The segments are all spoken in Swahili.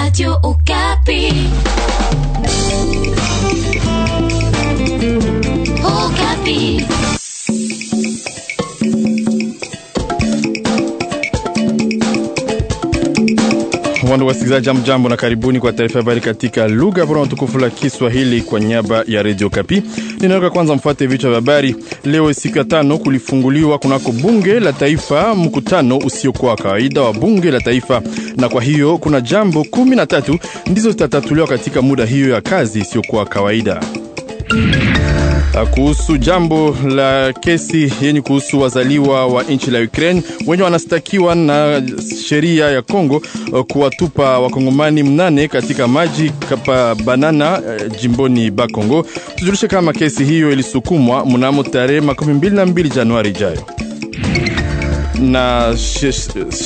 Radio Okapi. Okapi. Wapendwa wasikilizaji, jambo jambo na karibuni kwa taarifa habari katika lugha bora na tukufu la Kiswahili kwa niaba ya Radio Kapi. Ninaweka kwanza mfuate vichwa vya habari. Leo siku ya tano kulifunguliwa kunako bunge la taifa mkutano usiokuwa kawaida wa bunge la taifa, na kwa hiyo kuna jambo kumi na tatu ndizo zitatatuliwa katika muda hiyo ya kazi isiyokuwa kawaida. Uh, kuhusu jambo la kesi yenye kuhusu wazaliwa wa nchi la Ukraine wenye wanastakiwa na sheria ya Kongo uh, kuwatupa wakongomani mnane katika maji kapa banana uh, jimboni Bakongo, tujulishe kama kesi hiyo ilisukumwa mnamo tarehe makumi mbili na mbili Januari ijayo na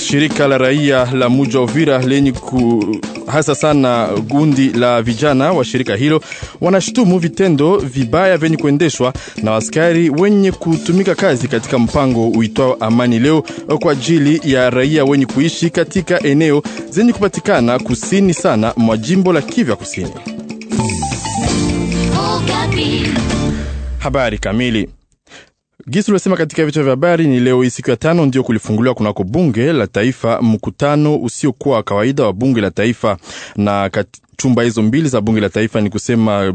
shirika la raia la muji wa Uvira lenye ku hasa sana gundi la vijana wa shirika hilo wanashutumu vitendo vibaya vyenye kuendeshwa na askari wenye kutumika kazi katika mpango uitwao Amani Leo kwa ajili ya raia wenye kuishi katika eneo zenye kupatikana kusini sana mwa jimbo la Kivu Kusini. Oh, Habari kamili Gisi ulosema katika vichwa vya habari ni leo hii siku ya tano ndio kulifunguliwa kunako bunge la taifa mkutano usiokuwa wa kawaida wa bunge la taifa na kat chumba hizo mbili za bunge la taifa, ni kusema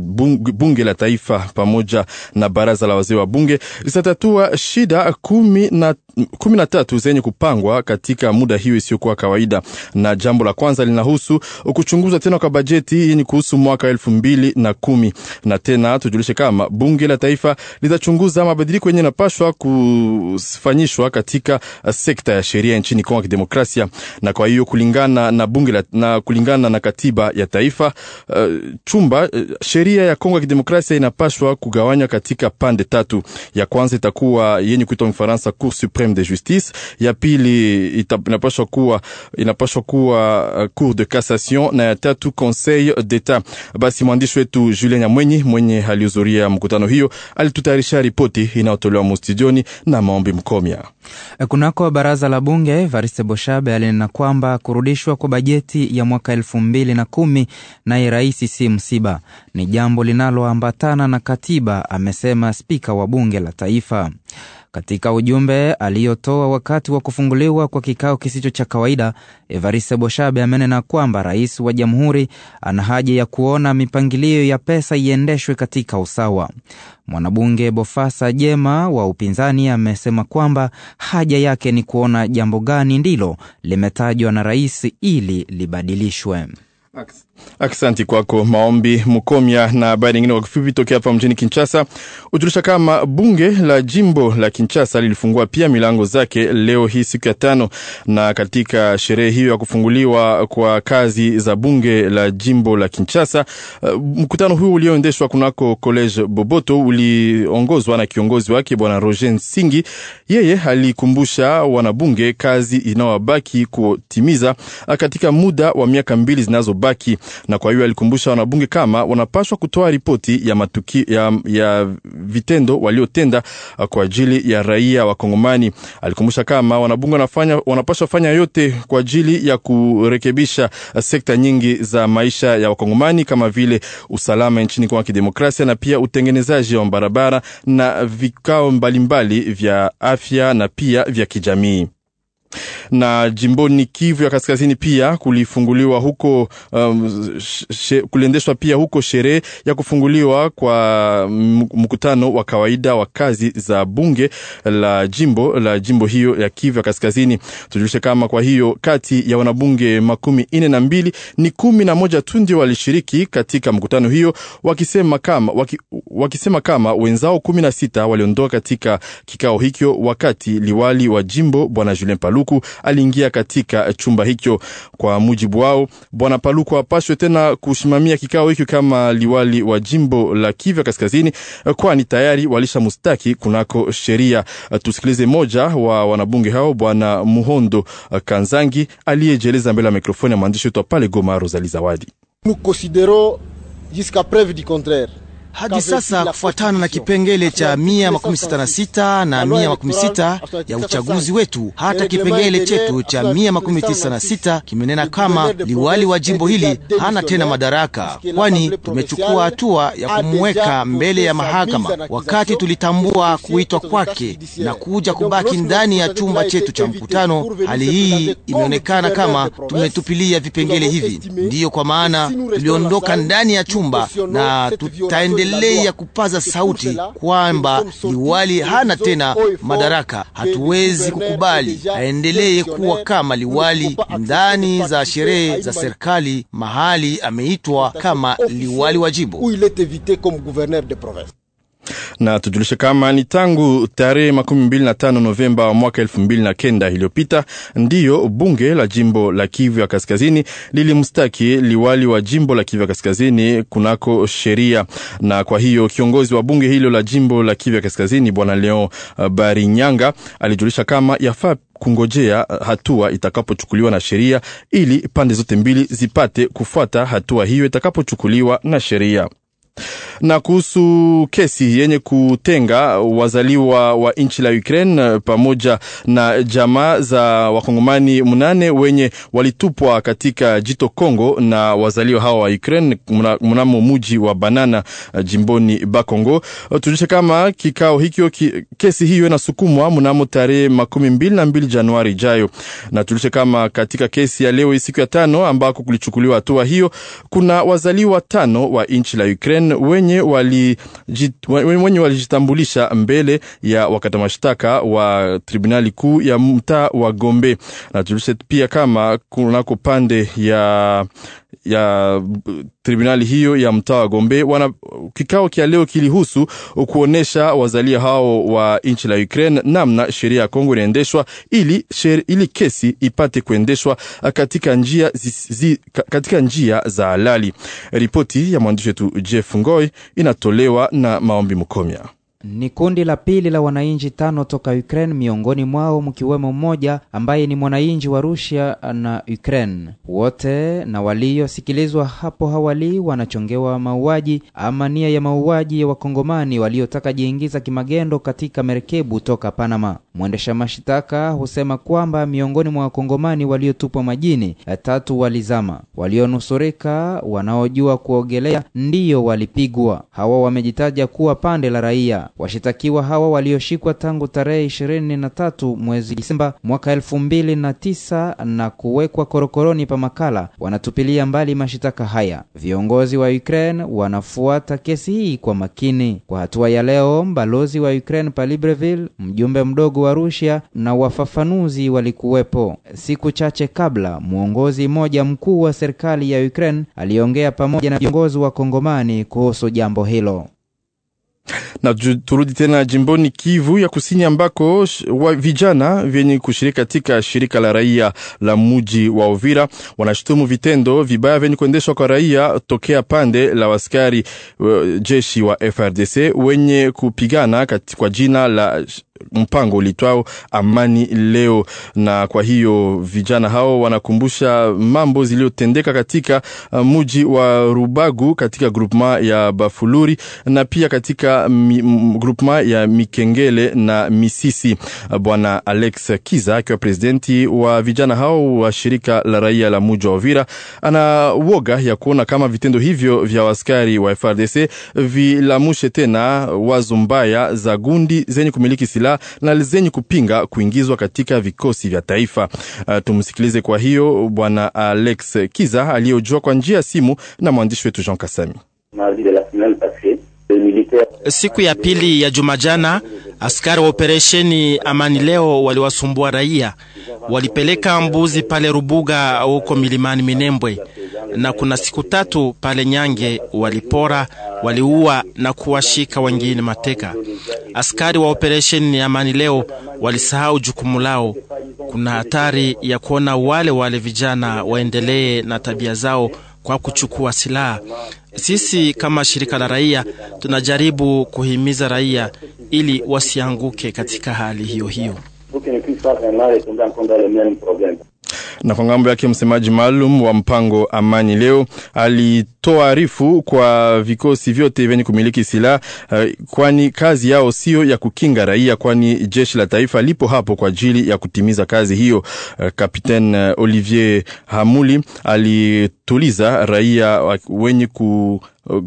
bunge la taifa pamoja na baraza la wazee wa bunge zitatatua shida kumi na, kumi na tatu zenye kupangwa katika muda hiyo isiyokuwa kawaida. Na jambo la kwanza linahusu kuchunguzwa tena kwa bajeti hii, ni kuhusu mwaka elfu mbili na kumi na tena tujulishe kama bunge la taifa litachunguza mabadiliko yenye napashwa kufanyishwa katika sekta ya sheria nchini Kongo ya Kidemokrasia, na kwa hiyo kulingana na bunge la, na kulingana na katiba ya taifa taifa uh, chumba uh, sheria ya Kongo ya Kidemokrasia inapashwa kugawanywa katika pande tatu. Ya kwanza itakuwa yenye kuitwa Mfaransa Cour Supreme de Justice, ya pili inapaswa kuwa inapaswa kuwa uh, Cour de Cassation na ya tatu Conseil d'Etat. Basi mwandishi wetu Julien Nyamwenyi mwenye alihudhuria mkutano hiyo alitutayarisha ripoti inayotolewa mustijoni na Maombi Mkomya. Kunako baraza la bunge, Varise Boshabe alinena kwamba kurudishwa kwa bajeti ya mwaka elfu mbili na kumi naye rais si msiba, ni jambo linaloambatana na katiba, amesema spika wa bunge la taifa. Katika ujumbe aliyotoa wakati wa kufunguliwa kwa kikao kisicho cha kawaida, Evariste Boshabe amenena kwamba rais wa jamhuri ana haja ya kuona mipangilio ya pesa iendeshwe katika usawa. Mwanabunge Bofasa Jema wa upinzani amesema kwamba haja yake ni kuona jambo gani ndilo limetajwa na rais ili libadilishwe. Aksanti kwako maombi Mukomya. Na habari nyingine kwa kifupi, tokea hapa mjini Kinshasa hujulisha kama bunge la jimbo la Kinshasa lilifungua pia milango zake leo hii siku ya tano, na katika sherehe hiyo ya kufunguliwa kwa kazi za bunge la jimbo la Kinshasa, eh, mkutano huu ulioendeshwa kunako College Boboto uliongozwa na kiongozi wake Bwana Roger Nsingi. Yeye alikumbusha wanabunge kazi inayobaki kutimiza katika muda wa miaka mbili zinazobaki na kwa hiyo alikumbusha wanabunge kama wanapaswa kutoa ripoti ya, matuki, ya, ya vitendo waliotenda uh, kwa ajili ya raia wa Kongomani. Alikumbusha kama wanabunge wanafanya, wanapaswa fanya yote kwa ajili ya kurekebisha uh, sekta nyingi za maisha ya Wakongomani kama vile usalama nchini kwa kidemokrasia na pia utengenezaji wa barabara na vikao mbalimbali mbali vya afya na pia vya kijamii na jimboni Kivu ya Kaskazini pia kulifunguliwa huko um, kuliendeshwa pia huko sherehe ya kufunguliwa kwa mkutano wa kawaida wa kazi za bunge la jimbo la jimbo hiyo ya Kivu ya Kaskazini. Tujulishe kama kwa hiyo kati ya wanabunge makumi ine na mbili ni kumi na moja tu ndio walishiriki katika mkutano hiyo, wakisema kama, waki, wakisema kama wenzao kumi na sita waliondoka katika kikao hikyo wakati liwali wa jimbo Bwana Julien Paluku aliingia katika chumba hicho. Kwa mujibu wao, bwana Paluku apashwe tena kusimamia kikao hicho kama liwali wa jimbo la Kivu Kaskazini, kwani tayari walisha mustaki kunako sheria. Tusikilize moja wa wanabunge hao, bwana Muhondo Kanzangi aliyejieleza mbele ya mikrofoni ya mwandishi wetu pale Goma, Rozali Zawadi. Nous considérons jusqu'à preuve du contraire hadi sasa kufuatana na kipengele cha 166 na 166 ya uchaguzi wetu. Hata kipengele chetu cha 196 kimenena kama liwali wa jimbo hili hana tena madaraka, kwani tumechukua hatua ya kumweka mbele ya mahakama wakati tulitambua kuitwa kwake na kuja kubaki ndani ya chumba chetu cha mkutano. Hali hii imeonekana kama tumetupilia vipengele hivi, ndiyo kwa maana tuliondoka ndani ya chumba na tutaendelea kelele ya kupaza sauti kwamba liwali hana tena madaraka. Hatuwezi kukubali aendelee kuwa kama liwali ndani za sherehe za serikali mahali ameitwa kama liwali wa jimbo na tujulishe kama ni tangu tarehe makumi Novemba mwaka elfu mbili na kenda iliyopita ndiyo bunge la jimbo la Kivu ya kaskazini lilimstaki liwali wa jimbo la Kivu ya kaskazini kunako sheria, na kwa hiyo kiongozi wa bunge hilo la jimbo la Kivu ya kaskazini bwana Leon uh, Barinyanga alijulisha kama yafaa kungojea hatua itakapochukuliwa na sheria ili pande zote mbili zipate kufuata hatua hiyo itakapochukuliwa na sheria. Na kuhusu kesi yenye kutenga wazaliwa wa nchi la Ukraine eh, pamoja na jamaa za wakongomani munane wenye walitupwa katika jito Kongo na wazaliwa hawa wa Ukraine mnamo muji wa Banana eh, jimboni Bakongo, eh, tujulishe kama kikao hikyo ki, kesi hiyo inasukumwa mnamo tarehe makumi mbili na mbili Januari ijayo, na tujulishe kama katika kesi ya leo siku ya tano ambako kulichukuliwa hatua hiyo kuna wazaliwa tano wa nchi la Ukraine wenye wenye walijitambulisha mbele ya wakata mashtaka wa tribunali kuu ya mtaa wa Gombe. na Najulisha pia kama kunako pande ya ya tribunali hiyo ya mtaa wa Gombe. Wana kikao kia leo kilihusu kuonesha wazalia hao wa nchi la Ukraine namna sheria ya Kongo inaendeshwa ili, ili kesi ipate kuendeshwa katika njia, zi, zi, katika njia za halali. Ripoti ya mwandishi wetu Jeff Ngoi inatolewa na Maombi Mkomia. Ni kundi la pili la wananchi tano toka Ukraine, miongoni mwao mkiwemo mmoja ambaye ni mwananchi wa Rusia na Ukraine. Wote na waliosikilizwa hapo hawali wanachongewa mauaji ama nia ya mauaji ya wakongomani waliotaka jiingiza kimagendo katika merekebu toka Panama. Mwendesha mashtaka husema kwamba miongoni mwa wakongomani waliotupwa majini, tatu walizama. Walionusurika wanaojua kuogelea ndiyo walipigwa. Hawa wamejitaja kuwa pande la raia. Washitakiwa hawa walioshikwa tangu tarehe 23 mwezi Disemba mwaka 2009 na na kuwekwa korokoroni pa makala wanatupilia mbali mashitaka haya. Viongozi wa Ukraine wanafuata kesi hii kwa makini. Kwa hatua ya leo, balozi wa Ukraine pa Libreville, mjumbe mdogo wa Russia na wafafanuzi walikuwepo. Siku chache kabla, mwongozi mmoja mkuu wa serikali ya Ukraine aliongea pamoja na viongozi wa Kongomani kuhusu jambo hilo. Na turudi tena jimboni Kivu ya Kusini, ambako wa vijana vyenye kushiriki katika shirika la raia la muji wa Uvira wanashutumu vitendo vibaya vyenye kuendeshwa kwa raia tokea pande la waskari eh, jeshi wa FRDC wenye kupigana kwa jina la mpango ulitwao amani leo, na kwa hiyo vijana hao wanakumbusha mambo ziliyotendeka katika uh, muji wa Rubagu katika groupement ya Bafuluri na pia katika groupement ya Mikengele na Misisi. Uh, Bwana Alex Kiza akiwa presidenti wa vijana hao wa shirika la raia la muji wa Uvira ana woga ya kuona kama vitendo hivyo vya waskari wa FRDC vilamushe tena wazo mbaya za gundi zenye kumiliki silaha silaha na zenye kupinga kuingizwa katika vikosi vya taifa. Uh, tumsikilize kwa hiyo bwana Alex Kiza aliyojua kwa njia ya simu na mwandishi wetu Jean Kasami. Siku ya pili ya Jumajana, askari wa operesheni Amani Leo waliwasumbua raia, walipeleka mbuzi pale Rubuga huko milimani Minembwe na kuna siku tatu pale Nyange walipora, waliua na kuwashika wengine mateka. Askari wa operesheni ya amani leo walisahau jukumu lao. Kuna hatari ya kuona wale wale vijana waendelee na tabia zao kwa kuchukua silaha. Sisi kama shirika la raia tunajaribu kuhimiza raia ili wasianguke katika hali hiyo hiyo. Na kwa ngambo yake msemaji maalum wa mpango amani leo alitoa arifu kwa vikosi vyote vyenye kumiliki silaha uh, kwani kazi yao sio ya kukinga raia, kwani jeshi la taifa lipo hapo kwa ajili ya kutimiza kazi hiyo. Uh, eh, Kapten eh, Olivier Hamuli alituliza raia wenye ku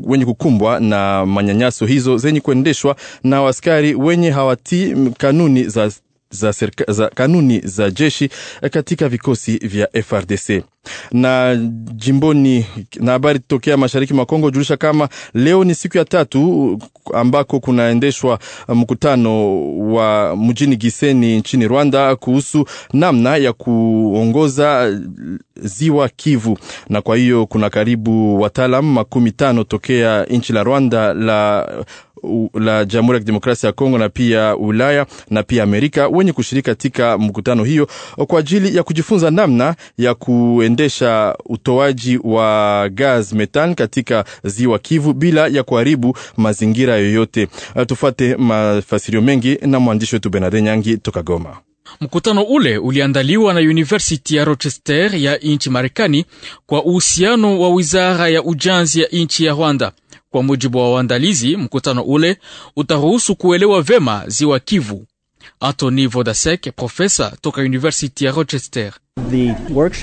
wenye kukumbwa na manyanyaso hizo zenye kuendeshwa na askari wenye hawati kanuni za za, serka, za kanuni za jeshi eh, katika vikosi vya FRDC. Na jimboni na habari tokea mashariki mwa Kongo julisha kama leo ni siku ya tatu uh, ambako kunaendeshwa uh, mkutano wa mjini Giseni nchini Rwanda kuhusu namna ya kuongoza uh, ziwa Kivu, na kwa hiyo kuna karibu wataalamu makumi tano tokea nchi la Rwanda la la Jamhuri ya Kidemokrasia ya Kongo na pia Ulaya na pia Amerika wenye kushiriki katika mkutano hiyo kwa ajili ya kujifunza namna ya ku kuendesha utoaji wa gaz metan katika ziwa Kivu bila ya kuharibu mazingira yoyote. Uh, tufate mafasirio mengi na mwandishi wetu Benade Nyangi toka Goma. Mkutano ule uliandaliwa na University ya Rochester ya nchi Marekani kwa uhusiano wa wizara ya ujanzi ya nchi ya Rwanda. Kwa mujibu wa waandalizi, mkutano ule utaruhusu kuelewa vema ziwa Kivu Anthony Vodasek, profesa toka University ya Rochester.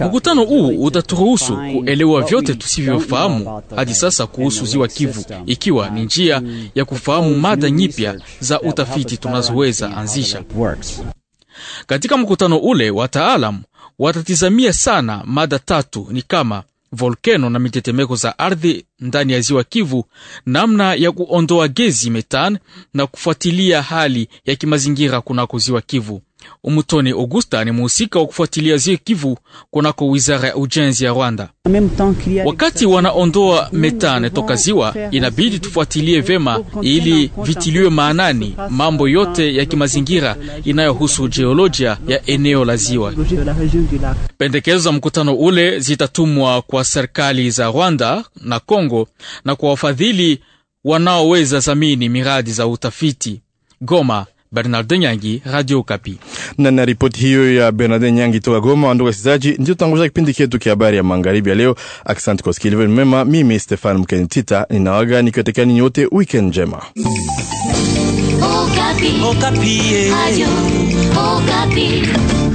Mkutano huu utaturuhusu kuelewa vyote tusivyofahamu hadi sasa kuhusu ziwa Kivu, ikiwa ni njia ya kufahamu mada nyipya za utafiti tunazoweza anzisha. Katika mkutano ule, wataalam watatizamia sana mada tatu ni kama volkeno na mitetemeko za ardhi ndani ya ziwa Kivu, namna ya kuondoa gezi metan na kufuatilia hali ya kimazingira kunako ziwa Kivu. Umutoni Augusta ni muhusika wa kufuatilia ziwa Kivu kunako wizara ya ujenzi ya Rwanda. Wakati wanaondoa metane toka ziwa, inabidi tufuatilie vema ili vitiliwe maanani mambo yote ya kimazingira inayohusu jeolojia ya eneo la ziwa. Pendekezo za mkutano ule zitatumwa kwa serikali za Rwanda na congo na kwa wafadhili wanaoweza zamini miradi za utafiti. Goma, Bernard Nyangi, Radio Kapi. Na na ripoti hiyo ya Bernard Nyangi toka Goma. Wandugu wasikilizaji, ndio tutanguliza kipindi chetu kia habari ya magharibi ya leo. Asante kwa kusikiliza mema. Mimi Stefan Mkenitita ninawaga nikiwatakia ninyi wote weekend njema. Okapi. Okapi. Eh. Okapi.